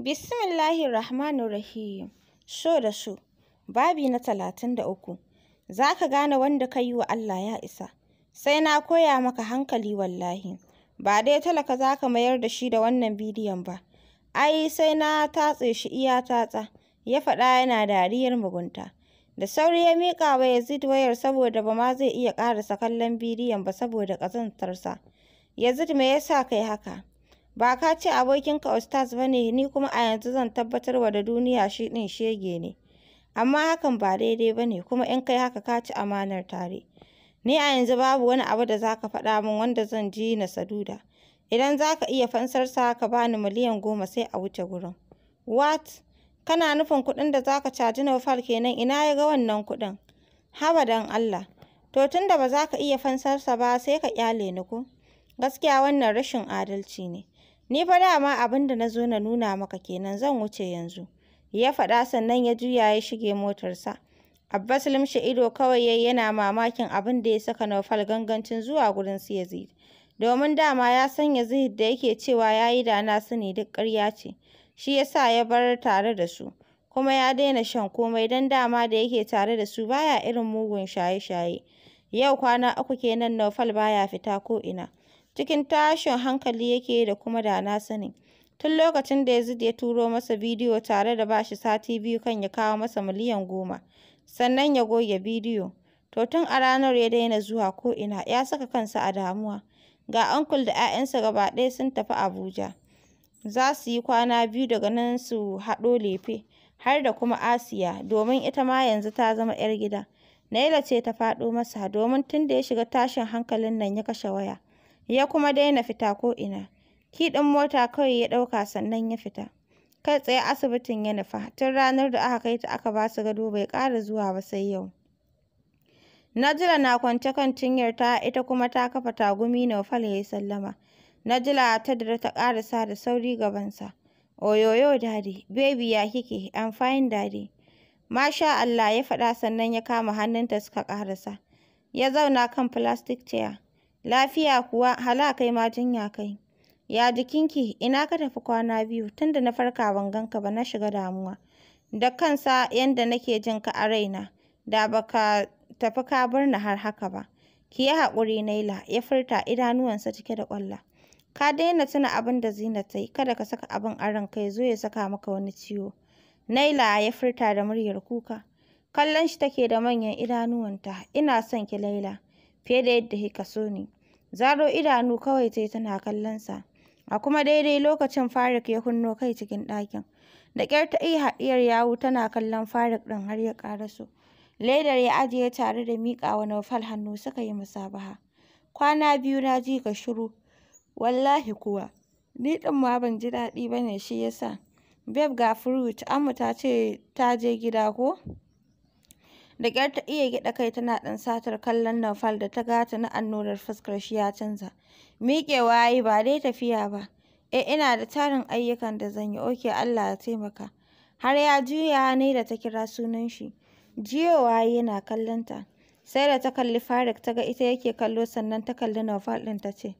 Bismillahirrahmanirrahim. So da so, babi na talatin da uku. Za ka gane wanda ka yi wa Allah ya isa. Sai na koya maka hankali wallahi. Ba dai talaka za ka mayar da shi da wannan bidiyon ba. Ai, sai na tatse shi iya tatsa. Ya faɗa yana dariyar mugunta. Da sauri ya miƙa wa Yazid wayar saboda ba ma zai iya ƙarasa kallon bidiyon ba saboda ƙazantarsa. Yazid me yasa kai haka? Ba ka ce abokinka Ustaz ba ne, ni kuma a yanzu zan tabbatar wa da duniya shi ɗin shege ne. Amma hakan ba daidai ba ne, kuma in kai haka ka ci amanar tare. Ni a yanzu babu wani abu da za ka faɗa min wanda zan ji na saduda. Idan za ka iya fansarsa ka bani miliyan goma sai a wuce gurin. What? Kana nufin kuɗin da za ka caji na Naufal kenan ina ya ga wannan kuɗin? Haba don Allah. To tun da ba za ka iya fansarsa ba sai ka ƙyale ni ko? Gaskiya wannan rashin adalci ne. Ni fa dama abin da na zo na nuna maka kenan zan wuce yanzu. Ya faɗa sannan ya juya ya shige motarsa. Abbas limshe ido kawai yayi yana mamakin abin da ya saka nufal gangancin zuwa gurin su Yazid. Domin dama ya san Yazid da yake cewa ya yi da na sani duk ƙarya ce. Shi ya sa ya bar tare da su. Kuma ya daina shan komai don dama da yake tare da su baya irin mugun shaye-shaye. Yau kwana uku kenan Naufal baya fita ko ina. cikin tashin hankali yake da kuma da na sani. Tun lokacin da Yazid ya turo masa bidiyo tare da bashi sati biyu kan ya kawo masa miliyan goma, sannan ya goge bidiyo. To tun a ranar ya daina zuwa ko ina ya saka kansa a damuwa. Ga Uncle da 'ya'yansa gaba ɗaya sun tafi Abuja. Za su yi kwana biyu daga nan su haɗo lefe, har da kuma Asiya, domin ita ma yanzu ta zama 'yar gida. Naila ce ta faɗo masa, domin tun da ya shiga tashin hankalin nan ya kashe waya. ya kuma daina fita ko'ina. Ki ɗin mota kawai ya ɗauka sannan ya fita. Kai tsaye asibitin ya nufa, tun ranar da aka kai ta aka ba su gado bai ƙara zuwa ba sai yau. Najila na kwance kan ta ita kuma ta kafa tagumi Naufal ya yi sallama. Najila ta dira ta ƙarasa da sauri gabansa. Oyoyo dadi, baby ya kike, I'm fine dadi. Masha Allah ya faɗa sannan ya kama hannunta suka ƙarasa. Ya zauna kan plastic chair. Lafiya kuwa, hala kai ma jinya kai. Ya jikinki, ina ka tafi kwana biyu, tunda na farka ban ganka ba na shiga damuwa. Da kansa yanda nake jin ka a raina, da baka tafi ka bar ni har haka ba. Ki yi haƙuri Naila, ya furta idanuwansa cike da ƙwalla. Ka daina tuna abin da zina ta yi, kada ka saka abin a ran kai zo ya saka maka wani ciwo. Naila ya furta da muryar kuka. Kallon shi take da manyan idanuwanta, ina son ki Laila, fiye da yadda kika so ni. Zaro idanu kawai ta yi tana kallonsa. A kuma daidai lokacin Farik ya kunno kai cikin ɗakin. Da ƙyar ta iya haɗiyar yawu tana kallon Farik ɗin har ya ƙaraso. Ledar ya ajiye tare da miƙa wa Naufal hannu suka yi musabaha. Kwana biyu na ji ka shiru. Wallahi kuwa, ni ɗin ma ban ji daɗi ba ne shi ya sa. Babe ga fruit, ta ce ta je gida ko? Da ƙyar ta iya gida kai tana ɗan satar kallon Naufal da ta gata na annorar fuskar shi ya canza. Miƙewa ya yi ba dai tafiya ba. Eh ina da tarin ayyukan da zan yi, oke Allah ya taimaka. Har ya juya ne da ta kira sunan shi. Jiyowa yana kallon ta. Sai da ta kalli Farik ta ga ita yake kallo sannan ta kalli Naufal ɗin ta ce,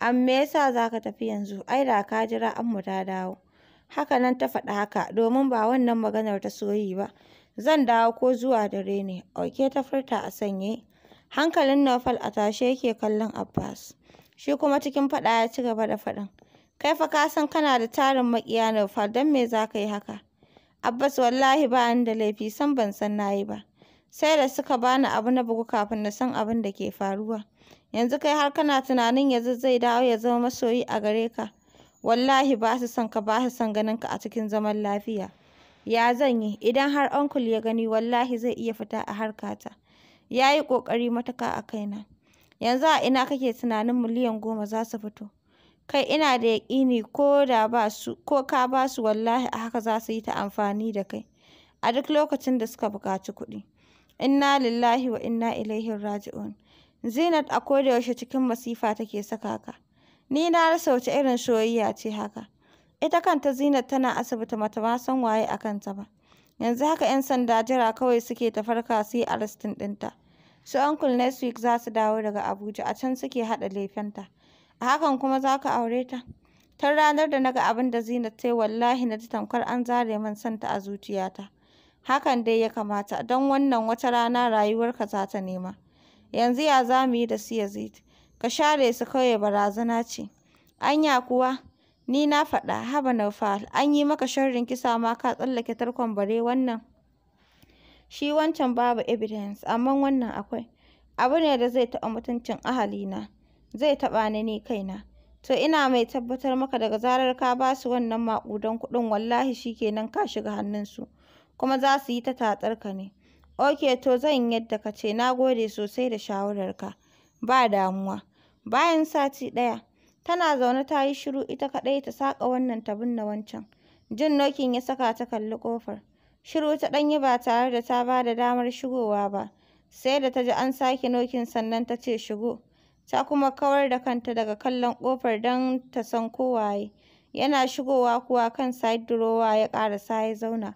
An me yasa za ka tafi yanzu? Ai da ka jira an mu ta dawo. Haka nan ta faɗi haka domin ba wannan maganar ta soyi ba. Zan dawo ko zuwa dare ne, Oke ta a sanye. Hankalin Naufal a tashe yake kallon Abbas. Shi kuma cikin faɗa ya ci gaba da faɗin. Kai fa ka san kana da tarin makiya Naufal don me za ka yi haka? Abbas wallahi ba ni da laifi san ban san na yi ba. Sai da suka bani abu na bugu kafin na san abin da ke faruwa. Yanzu kai har kana tunanin yanzu zai dawo ya zama masoyi a gare ka. Wallahi ba su son ka ba su son ganin ka a cikin zaman lafiya. Ya zan yi? Idan har onkul ya gani wallahi zai iya fita a harkata. Ya yi ƙoƙari matuka a kaina. Yanzu a ina kake tunanin miliyan goma za su fito? Kai ina da yaƙini ko da ba su ko ka ba su wallahi a haka za su yi ta amfani da kai. A duk lokacin da suka buƙaci kuɗi. Inna lillahi wa inna ilaihi raji'un. Zinat a koda yaushe cikin masifa take saka ka. Ni na rasa wace irin soyayya ce haka. Ita kanta Zinat tana asibiti mata ba san waye a kanta ba. Yanzu haka 'yan sanda jira kawai suke ta farka su yi arrestin ɗinta. Su Uncle next week za su dawo daga Abuja, a can suke haɗa laifinta. A hakan kuma za ka aure ta? Tun ranar da na ga abin da Zinat ta yi wallahi na ji tamkar an zare man santa a zuciyata. Hakan dai ya kamata, don wannan wata rana rayuwarka za ta nema. Yanzu ya za mu yi da su Yazid? Ka share su kawai barazana ce. Anya kuwa Ni na faɗa, haba Naufal, an yi maka sharrin kisa ma ka tsallake tarkon bare wannan. Shi wancan babu evidence, amma wannan akwai. Abu ne da zai taɓa mutuncin ahalina, zai taɓa ni ni kaina. To ina mai tabbatar maka daga zarar ka ba su wannan maƙudan kuɗin wallahi shi kenan ka shiga hannunsu, kuma za su yi ta tatsar ka ne. Ok, to zan yadda ka ce, na gode sosai da shawararka, ba damuwa. Bayan sati ɗaya. Tana zaune ta yi shiru ita kaɗai ta saƙa wannan ta binne wancan. Jin nokin ya saka ta kalli ƙofar. Shiru ta ɗan yi ba tare da ta ba da damar shigowa ba. Sai da ta ji an sake nokin sannan ta ce shigo. Ta kuma kawar da kanta daga kallon ƙofar don ta san ko Yana shigowa kuwa kan side drawer ya ƙarasa ya zauna.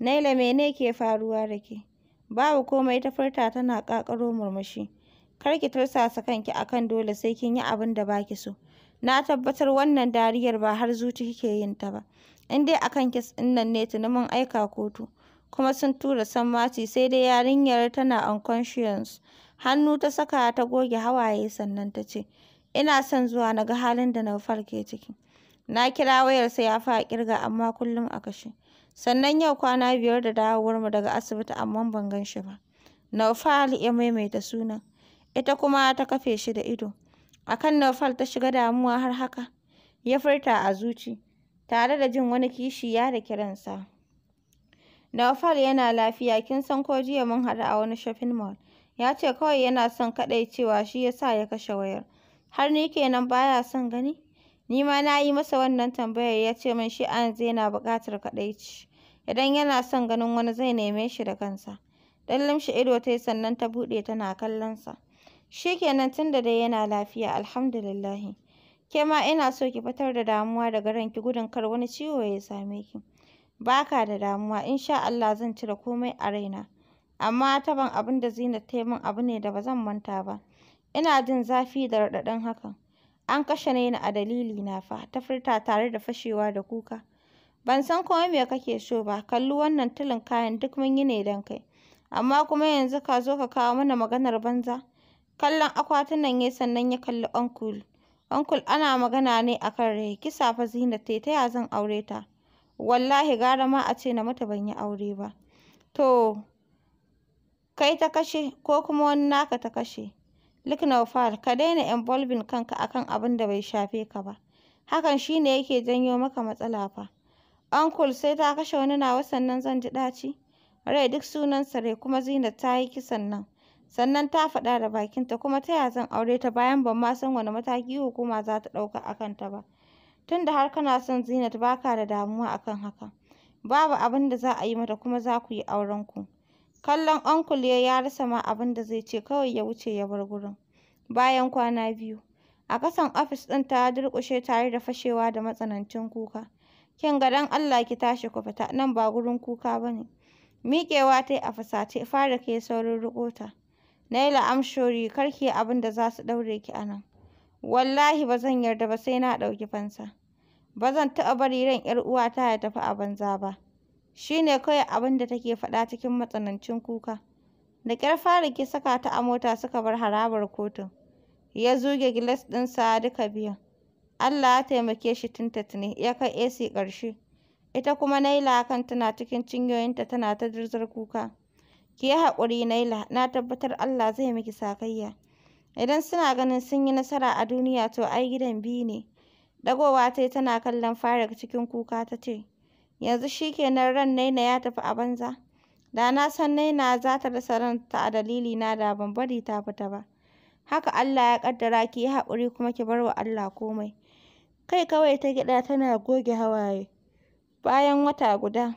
Naila mene ke faruwa da ke? Babu komai ta furta tana ƙaƙaro murmushi. Kar ki tursasa kanki akan dole sai kin yi abin da baki so. na tabbatar wannan dariyar ba har zuci kike yin ta ba in dai akan kes din nan ne tuni mun aika kotu kuma sun tura sammaci sai dai yarinyar tana unconscious hannu ta saka ta goge hawaye sannan ta ce ina son zuwa naga halin da na ke ciki na kira wayarsa ya fa kirga amma kullum a kashe sannan yau kwana biyar da dawowarmu daga asibiti amma ban gan shi ba Naufal ya maimaita sunan ita kuma ta kafe shi da ido akan nofal ta shiga damuwa har haka, ya furta a zuci, tare da jin wani kishi ya da kiransa. Naufal yana lafiya, kin san ko jiya mun haɗu a wani shopping mall. Ya ce kawai yana son kaɗai cewa shi ya sa ya kashe wayar. Har ni kenan baya son gani? Ni ma na yi masa wannan tambayar ya ce min shi a yanzu yana buƙatar kaɗaici. Idan yana son ganin wani zai neme shi da kansa. Dan limshe ido ta yi sannan ta buɗe tana kallonsa. Shi kenan tun da dai yana lafiya alhamdulillahi. Ke ma ina so ki fitar da damuwa daga ranki gudun kar wani ciwo ya same ki. Ba ka da damuwa insha Allah zan cire komai a raina. Amma taɓin abin da zina ta yi min abu ne da ba zan manta ba. Ina jin zafi da raɗaɗin hakan. An kashe ni a dalili na fa, ta furta tare da fashewa da kuka. Ban san kuma me kake so ba, kalli wannan tulin kayan duk mun yi ne don kai. Amma kuma yanzu ka zo ka kawo mana maganar banza. Kallon akwatunan ya yi sannan ya kalli Uncle. Uncle ana magana ne a kan rai, kisa fa zina, ta yi, zan aure ta? Wallahi gara ma a ce na mata ban yi aure ba. To, kai ta kashe ko kuma wani naka ta kashe. Look now ka daina involving kanka akan abin da bai shafe ka ba. Hakan shi ne yake janyo maka matsala fa. Uncle sai ta kashe wani nawa sannan zan ji ɗaci? Rai duk sunansa rai kuma Zinat ta yi kisan nan. sannan ta faɗa da bakinta kuma ta zan aure ta bayan ban ma san wani mataki hukuma za ta ɗauka a kanta ba tunda har kana son Zinat ba ka da damuwa akan haka. babu abin da za a yi mata kuma za ku yi aurenku kallon uncle ya ya rasa ma abin da zai ce kawai ya wuce ya bar gurin bayan kwana biyu a kasan ofis ɗin ta durƙushe tare da fashewa da matsanancin kuka kin ga dan Allah ki tashi ku fita nan ba gurin kuka bane miƙewa ta yi a fusace fara kai saurin riƙo Naila amshori kar ki yi abin da za su ɗaure ki a nan. Wallahi ba zan yarda ba sai na ɗauki fansa. Ba zan taɓa bari ran 'yar uwata ya tafi a banza ba. Shi ne kawai abin da take faɗa cikin matsanancin kuka. Da ƙyar fara ki saka ta a mota suka bar harabar kotun. Ya zuge gilas ɗinsa duka biyan. Allah ya taimake shi tun ne ya kai AC ƙarshe. Ita kuma Naila kan tana cikin cinyoyinta tana ta dirzar kuka. ki yi haƙuri Naila, na tabbatar Allah zai miki sakayya. Idan suna ganin sun yi nasara a duniya to ai gidan biyu ne. Dagowa ta tana kallon fara cikin kuka ta ce, yanzu shi kenan ran Naina ya tafi a banza. Da na san Naina za ta rasa ranta a dalili na da ban bari ta fita ba. Haka Allah ya ƙaddara ki yi haƙuri kuma ki bar wa Allah komai. Kai kawai ta gida tana goge hawaye. Bayan wata guda.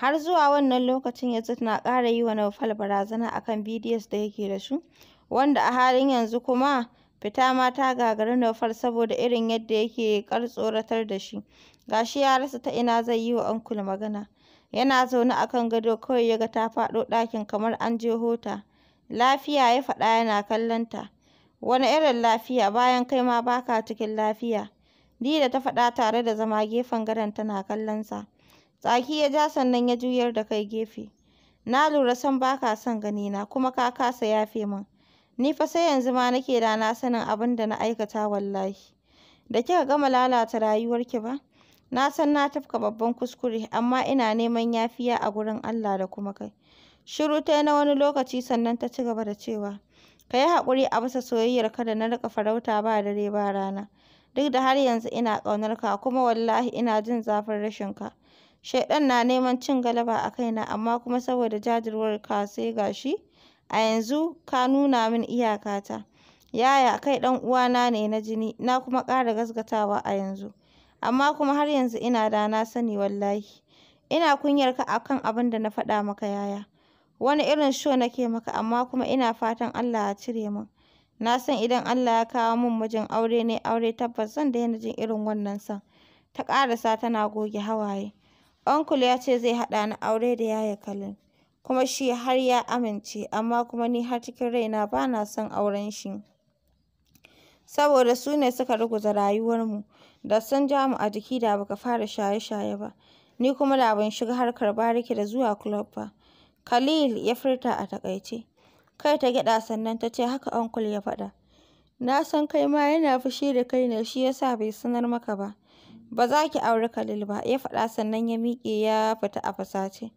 Har zuwa wannan lokacin yanzu na ƙara yi wa Naufal barazana a kan bidiyos da yake da shi, wanda a halin yanzu kuma fita ma ta gagari Naufal saboda irin yadda yake tsoratar da shi. Ga shi ya rasa ta ina zai yi wa Uncle magana. Yana zaune a kan gado kawai ya ga ta faɗo ɗakin kamar an je hota. Lafiya ya faɗa yana kallon ta. Wani irin lafiya bayan kai ma ba ka cikin lafiya. da ta faɗa tare da zama gefen gadon tana kallon sa. Tsaki ya ja sannan ya juyar da kai gefe. Na lura san ba ka son ganina kuma ka kasa yafe min. Ni fa sai yanzu ma nake da na sanin abin da na aikata wallahi. Da kika gama lalata rayuwarki ba? Na san na tafka babban kuskure amma ina neman yafiya a gurin Allah da kuma kai. Shiru ta na wani lokaci sannan ta ci gaba da cewa, ka yi haƙuri a bisa soyayyar ka da na riƙa farauta ba dare ba rana. Duk da har yanzu ina ƙaunarka kuma wallahi ina jin zafin rashin ka Shaiɗan na neman cin galaba a kaina amma kuma saboda ka sai ga shi, a yanzu ka nuna min iyakata. Yaya kai ɗan uwana ne na jini, na kuma ƙara gasgatawa a yanzu. Amma kuma har yanzu ina da na sani wallahi. Ina kunyarka a kan abin da na faɗa maka yaya. Wani irin so nake maka amma kuma ina fatan Allah ya cire min. Na san idan Allah ya kawo min mijin aure ne aure tabbas zan daina jin irin wannan son. Ta ƙarasa tana goge hawaye. Uncle ya ce zai haɗa ni aure da yaye Kalin, kuma shi har ya amince, amma kuma ni har cikin raina ba na son auren shi, saboda su ne suka ruguza rayuwarmu, da sun ja mu a jiki da baka fara shaye-shaye ba, ni kuma da ban shiga harkar bariki da zuwa club ba. Khalil ya furta a takaice. Kai ta gyaɗa sannan ta ce haka uncle ya faɗa. Na san kai ma yana fushi da kai ne shi yasa bai sanar maka ba. ba za ki auri kalil ba, ya faɗa sannan ya miƙe ya fita a fasace.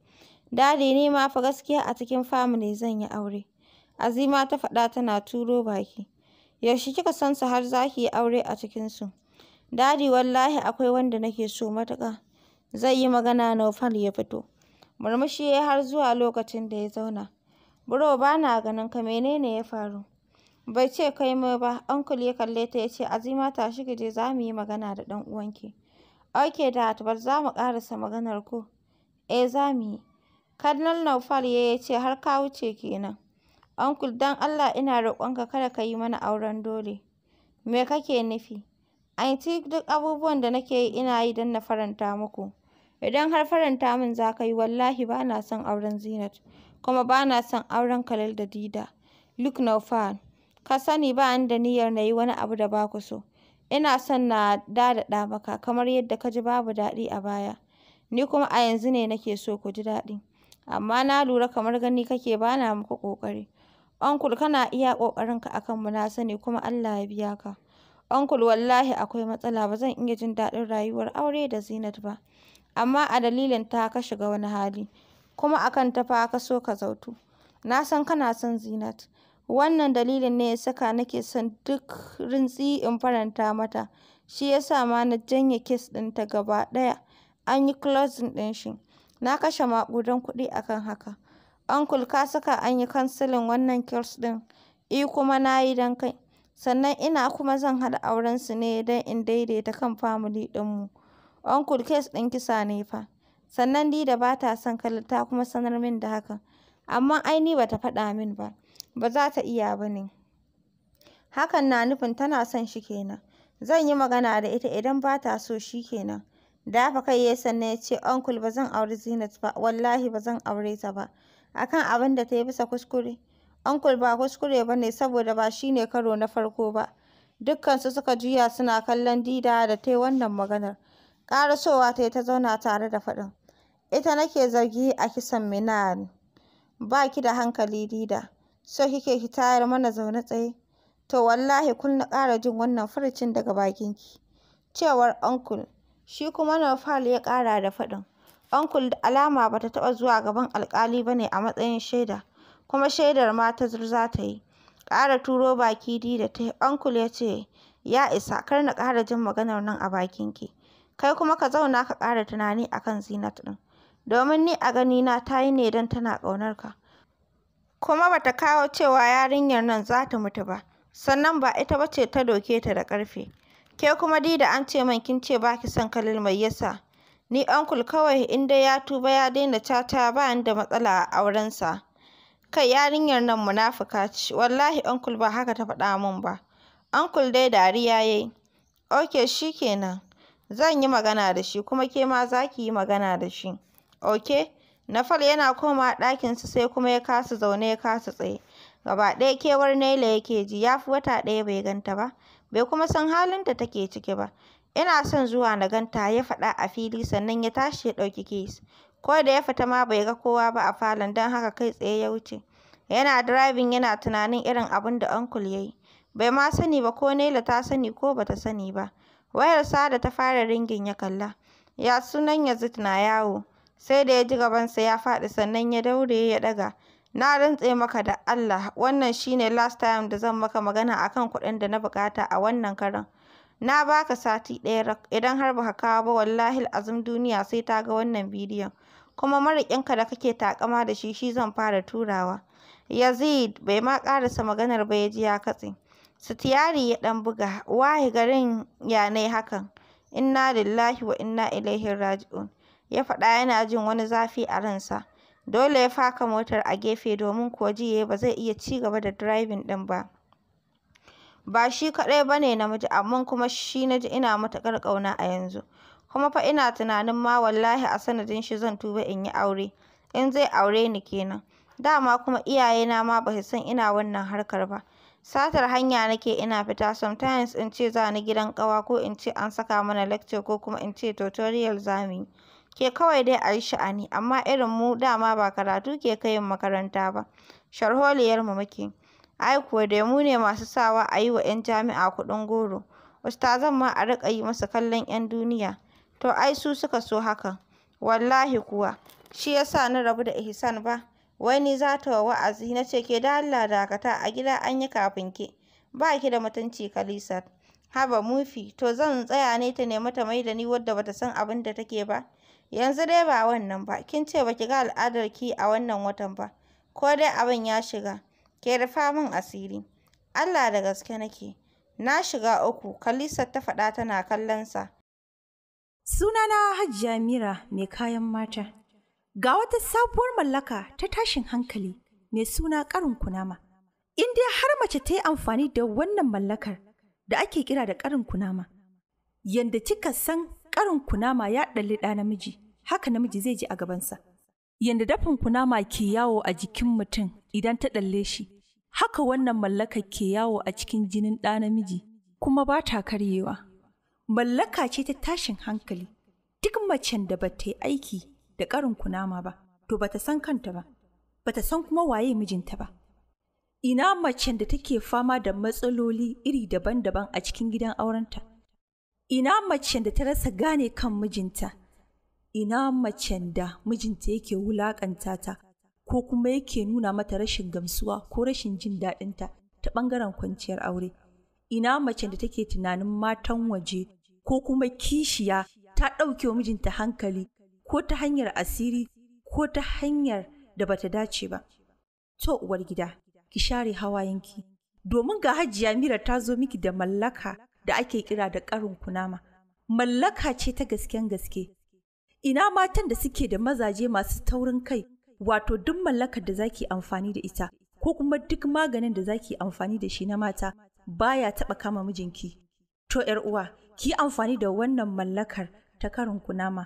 Dadi ni ma fa gaskiya a cikin ne zan yi aure. Azima ta faɗa tana turo baki. Yaushe kika san su har za ki yi aure a cikin su Dadi wallahi akwai wanda nake so matuƙa. Zai yi magana Naufal ya fito. Murmushi ya har zuwa lokacin da ya zauna. Buro ba na ganin ka menene ya faru? Bai ce kai mai ba, uncle ya kalle ta ya ce Azima tashi ki je za mu yi magana da ɗan uwanki. Ok Dad, ba za mu ƙarasa maganar ku. Eh za mu yi. Colonel Naufal ya yi ce har ka wuce kenan. Uncle don Allah ina roƙonka kada ka yi mana auren dole. Me kake nufi? Aunty duk abubuwan da nake yi ina yi don na faranta muku. Idan har faranta min za ka yi wallahi ba na son auren Zinat. Kuma ba na son auren Khalil da Dida. Luke Naufal, ka sani ba ni da niyyar na yi wani abu da ba ku so. Ina son na daɗaɗa maka, kamar yadda ka ji babu daɗi a baya, ni kuma a yanzu ne nake so ku ji daɗi, amma na lura kamar gani kake ba na muku ƙoƙari. Uncle kana iya ƙoƙarinka akan mu na sani kuma Allah ya biya ka. Uncle wallahi akwai matsala ba zan iya jin daɗin rayuwar aure da Zinat ba, amma a dalilin ta, ka shiga wani hali, kuma akan ta fa ka so ka zautu. Na san kana son Zinat, Wannan dalilin ne ya saka nake son duk rintsi in faranta mata, shi ya sa ma na janye kes ɗinta gaba ɗaya, an yi closing ɗin shi, na kashe maƙudan kuɗi akan haka. Uncle ka saka an yi cancelling wannan kes ɗin, i kuma na yi don kai, sannan ina kuma zan haɗa aurensu ne don in daidaita kan family ɗinmu. Uncle kes ɗin kisa ne fa, sannan Dida ba ta son Khalid ta kuma sanar min da haka. amma aini ni ba ta faɗa min ba. ba za ta iya ba ne. Hakan na nufin tana son shi kenan. Zan yi magana da ita idan ba ta so shi kenan. Da Dafa kai ya sannan ya ce, Uncle ba zan auri Zinat ba, wallahi ba zan aure ta ba. Akan abin da ta yi bisa kuskure. Uncle ba kuskure ba ne saboda ba shi ne karo na farko ba. Dukkansu suka juya suna kallon Dida da ta yi wannan maganar. Ƙarasowa ta yi ta zauna tare da faɗin. Ita nake zargi a kisan Minan. Ba ki da hankali Dida. so kike ki tayar mana zaune tsaye to wallahi kun na ƙara jin wannan furucin daga bakin ki. cewar uncle shi kuma Nofal ya ƙara da faɗin uncle da alama bata taɓa zuwa gaban alƙali ne a matsayin shaida kuma shaidar ma ta za ta yi ƙara turo baki Dida ta yi uncle ya ce ya isa kar na ƙara jin maganar nan a bakinki kai kuma ka zauna ka ƙara tunani akan Zinat ɗin domin ni a ganina ta yi ne don tana ƙaunar ka kuma bata kawo cewa yarinyar nan za ta mutu ba, sannan ba ita ba ce ta doke ta da ƙarfe. Ke kuma Dida an ce min kin ce ba ki son Khalil mai yasa? Ni uncle kawai in dai ya tuba ya daina caca ba ni da matsala a aurensa. Kai yarinyar nan munafuka ce, wallahi uncle ba haka ta faɗa min ba. Uncle dai dariya yayi yi. Ok shi kenan, zan yi magana da shi kuma ke ma za yi magana da shi. Ok, Nafal yana komawa ɗakinsa sai kuma ya kasa zaune ya kasa tsaye. Gaba ɗaya kewar Naila yake ji, ya fi wata ɗaya bai ganta ba, bai kuma san halin da take ciki ba. Ina son zuwa na ganta, ya faɗa a fili sannan ya tashi ya ɗauki keys. Ko da ya fita ma bai ga kowa ba a falon don haka kai tsaye ya wuce. Yana driving yana tunanin irin abin da uncle ya yi. Bai ma sani ba ko Naila ta sani ko ba ta sani ba. Wayar Sada ta fara ringin ya kalla. Ya sunan Yazid na yawo. sai da ya ji gabansa ya faɗi sannan ya daure ya ɗaga. Na rantse maka da Allah wannan shine last time da zan maka magana akan kuɗin da na bukata a wannan karon. Na baka sati ɗaya rak, idan har baka kawo ba wallahi azum duniya sai ta ga wannan bidiyon. Kuma mariƙinka da kake takama da shi shi zan fara turawa. Yazid bai ma ƙarasa maganar ba ya ji ya katse. Sitiyari ya ɗan buga, wahi garin ya nai hakan. Inna lillahi wa inna ilaihi raji'un. ya faɗa yana jin wani zafi a ransa. Dole ya faka motar a gefe domin kuwa jiya ya ba zai iya ci gaba da direbin ɗin ba. Ba shi kaɗai ba ne na amma kuma shi na ji ina matuƙar ƙauna a yanzu. Kuma fa ina tunanin ma wallahi a sanadin shi zan tuba in yi aure, in zai aure ni kenan. Dama kuma iyayena ma ba su san ina wannan harkar ba. Satar hanya nake ina fita sometimes in ce za ni gidan ƙawa ko in ce an saka mana lecture ko kuma in ce tutorial za mu yi. Ke kawai dai a yi sha'ani, amma irin mu dama ba karatu ke kai mu makaranta ba, sharholiyarmu muke. Ai kuwa dai mu ne masu sawa a yi wa 'yan jami'a kuɗin goro, ustazan ma a riƙa yi masa kallon 'yan duniya. To ai su suka so hakan, wallahi kuwa, shi ya sa na rabu da Ihsan ba, wai ni za ta wa wa'azi na ce ke da Allah dakata a gida an yi kafin ke, ba ki da mutunci Khalisat. Haba mufi, to zan tsaya ne ta nemi ta mai da ni wadda bata san abin da take ba? Yanzu dai ba wannan ba, kin ce ba ki ga al'adarki a wannan watan ba, ko dai abin ya shiga, ke rufa min asiri. Allah da gaske nake, na shiga uku, Kalisa ta faɗa tana kallon sa. Sunana Hajiya Mira mai kayan mata. Ga wata sabuwar mallaka ta tashin hankali mai suna ƙarin kunama. In dai har mace ta yi amfani da wannan mallakar da ake kira da ƙarin kunama. Yanda kika san ƙarin kunama ya ɗalli ɗa namiji, haka namiji zai ji a gabansa. Yanda dafin kunama ke yawo a jikin mutum idan ta ɗalle shi, haka wannan mallaka ke yawo a cikin jinin ɗa namiji kuma ba ta karyewa. Mallaka ce ta tashin hankali, duk macen da ba ta yi aiki da ƙarin kunama ba, to ba ta san kanta ba, ba ta san kuma waye mijinta ba. Ina macen da take fama da matsaloli iri daban-daban a cikin gidan aurenta. Ina macen da ta rasa gane kan mijinta. ina macen da mijinta yake wulaƙanta ta ko kuma yake nuna mata rashin gamsuwa ko rashin jin daɗinta ta ɓangaren kwanciyar aure. Ina macen da take tunanin matan waje ko kuma kishiya ta ɗauke wa mijinta hankali ko ta hanyar asiri ko ta hanyar da bata dace ba. To uwar gida, ki share hawayenki. Domin ga hajiya mira ta zo miki da mallaka da ake kira da karin kunama. Mallaka ce ta gasken gaske. ina matan da suke da mazaje masu taurin kai wato duk mallakar da zaki amfani da ita ko kuma duk maganin da zaki amfani da shi na mata baya taɓa kama mijinki. To ‘yar uwa, ki amfani da wannan mallakar ta karin kunama.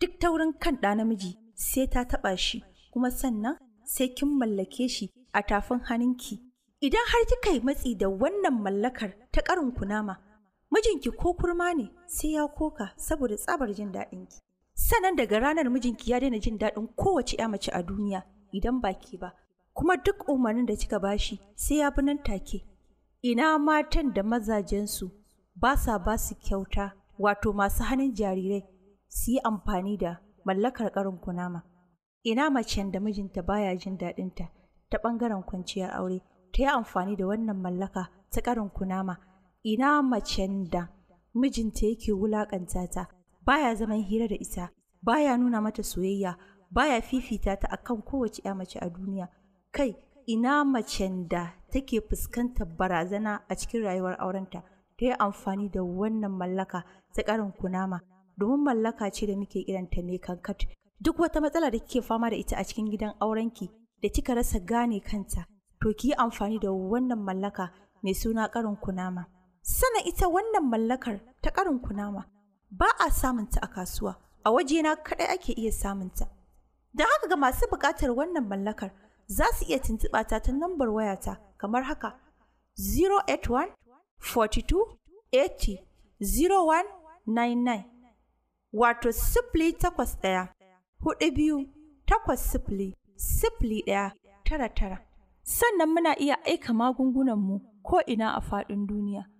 Duk taurin kan ɗa namiji sai ta taɓa shi kuma sannan sai kin mallake shi a tafin hannunki. Idan har kika yi matsi da wannan mallakar ta karin kunama, mijinki ko kurma ne sai ya koka saboda tsabar jin daɗinki. sannan daga ranar mijinki ya daina jin daɗin kowace ya mace a duniya idan baki ba kuma duk umarnin da kika bashi sai ya bi nan take ina matan da mazajensu ba sa ba su kyauta wato masu hannun jarirai su yi amfani da mallakar karin kunama ina macen da mijinta baya jin daɗinta ta ɓangaren kwanciyar aure ta yi amfani da wannan mallaka ta karin kunama ina macen da mijinta yake wulaƙanta ta baya zaman hira da ita baya nuna mata soyayya baya fifita ta akan kowace ya mace a duniya kai ina macen da take fuskantar barazana a cikin rayuwar aurenta ta yi amfani da wannan mallaka ta karin kunama domin mallaka ce da muke kiranta ne kankat duk wata matsala da kike fama da ita a cikin gidan aurenki da kika rasa gane kanta to ki amfani da wannan mallaka mai suna karin kunama sana ita wannan mallakar ta karin kunama ba a samunta a kasuwa a wajena kaɗai ake iya samunta. Don haka ga masu buƙatar wannan mallakar za su iya tuntuɓa ta ta waya wayata kamar haka 081 42 80 0199 wato sifili takwas ɗaya hudu biyu takwas sifili sifili ɗaya tara tara sannan muna iya aika magungunanmu ko ina a faɗin duniya.